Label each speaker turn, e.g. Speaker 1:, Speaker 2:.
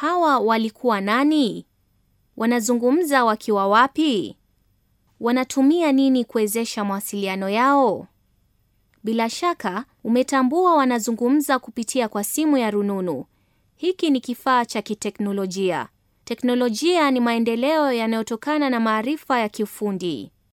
Speaker 1: Hawa walikuwa nani? Wanazungumza wakiwa wapi? Wanatumia nini kuwezesha mawasiliano yao? Bila shaka umetambua wanazungumza kupitia kwa simu ya rununu. Hiki ni kifaa cha kiteknolojia. Teknolojia ni maendeleo yanayotokana na maarifa ya
Speaker 2: kiufundi.